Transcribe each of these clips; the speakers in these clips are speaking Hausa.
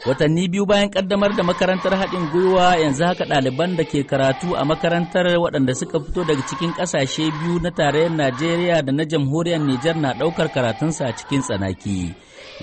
Watanni biyu bayan kaddamar da makarantar haɗin gwiwa yanzu haka ɗaliban da ke karatu a makarantar waɗanda suka fito daga cikin ƙasashe biyu na tarayyar Najeriya da na jamhuriyar Nijar na ɗaukar karatunsa a cikin tsanaki.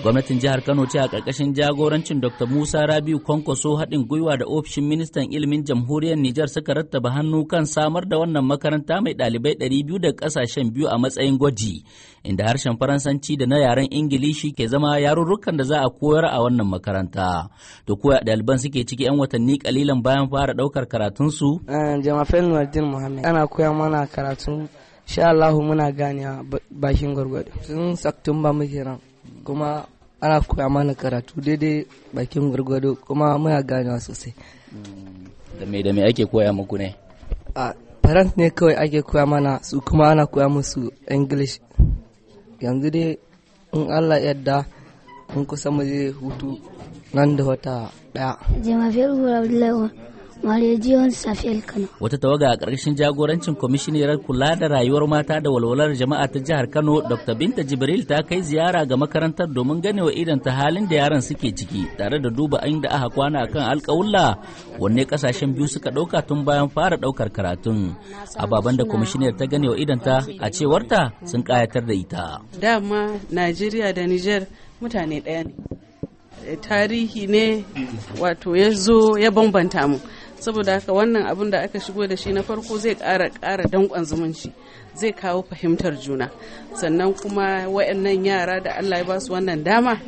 Gwamnatin jihar Kano ce a ƙarƙashin jagorancin Dr. Musa Rabiu Kwankwaso haɗin gwiwa da ofishin ministan ilimin jamhuriyar Nijar suka rattaba hannu kan samar da wannan makaranta mai ɗalibai 200 da ƙasashen biyu a matsayin gwaji, inda harshen Faransanci da na yaren Ingilishi ke zama yarurrukan da za a koyar a wannan makaranta. To koya ɗaliban suke ciki 'yan watanni kalilan bayan fara ɗaukar karatunsu? Eh, Jama'afel Nuruddin Muhammad ana koya mana karatun sha Allahu muna ganiya bakin gwargwado. Tun ba muke ran. kuma ana koya mana karatu daidai bakin gwargwado kuma muna ganewa sosai da me da me ake koya muku ne a parent ne kawai ake koya mana su kuma ana koya musu english yanzu dai in allah yadda in kusa mu hutu nan da wata daya jama'a fiye Safiyar Kano. Wata tawaga a ƙarshen jagorancin kwamishiniyar kula da rayuwar mata da walwalar jama'a ta jihar Kano Dr. Binta Jibril ta kai ziyara ga makarantar domin gane wa idan ta halin da yaran suke ciki tare da duba inda aka kwana akan alƙawulla wanne kasashen biyu suka ɗauka tun bayan fara ɗaukar karatun. Ababen da kwamishiniyar ta gane wa idan ta a cewarta sun ƙayatar da ita. Dama Najeriya da Nijar mutane ɗaya ne. Tarihi ne wato ya zo ya bambanta mu. saboda haka wannan abin da aka shigo da shi na farko zai ƙara kara dankon zumunci zai kawo fahimtar juna sannan kuma waɗannan yara da allah ya ba su wannan dama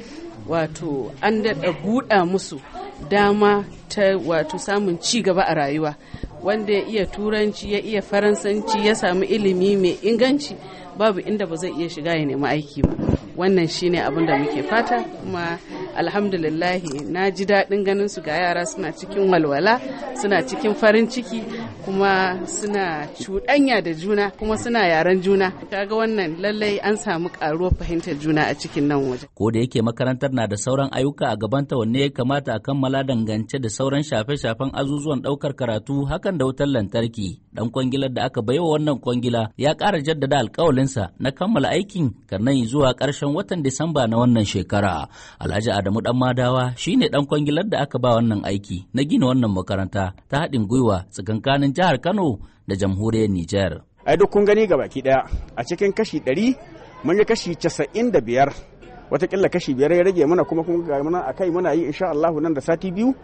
wato an daɗa buɗa musu dama ta wato samun ci gaba a rayuwa wanda ya iya turanci ya iya faransanci ya samu ilimi mai inganci babu inda ba zai iya shiga ya nemi aiki ba wannan shine abin da muke fata kuma alhamdulillahi na ji daɗin ganin su ga yara suna cikin walwala suna cikin farin ciki kuma suna cuɗanya da juna kuma suna yaren juna kaga wannan lallai an samu karuwar fahimtar juna a cikin nan waje ko da yake makarantar na da sauran ayyuka a gabanta wanne ya kamata a kammala dangance da sauran shafe-shafen azuzuwan ɗaukar karatu hakan da wutar lantarki dan kwangilar da aka baiwa wannan kwangila ya ƙara jaddada alƙawalinsa na kammala aikin karnan zuwa ƙarshen watan disamba na wannan shekara alhaji Adamu Dan Madawa shine dan kwangilar da aka ba wannan aiki na gina wannan makaranta ta haɗin gwiwa tsakankanin jihar Kano da jamhuriyar Nijar. Ai duk kun gani gabaki daya a cikin kashi ɗari mun yi kashi casa'in da biyar watakila kashi biyar ya rage mana kuma kuma ga mana a kai muna yi insha Allah nan da sati biyu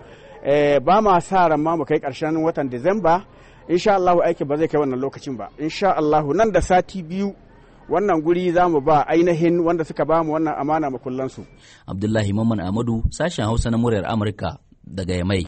eh, ba ma sa ran ma mu kai karshen watan Disamba insha Allah aiki ba zai kai wannan lokacin ba insha Allah nan da sati biyu wannan guri za mu ba ainihin wanda suka ba mu wannan amana makullansu. Abdullahi Mamman Amadu sashen Hausa na muryar Amurka daga Yamai.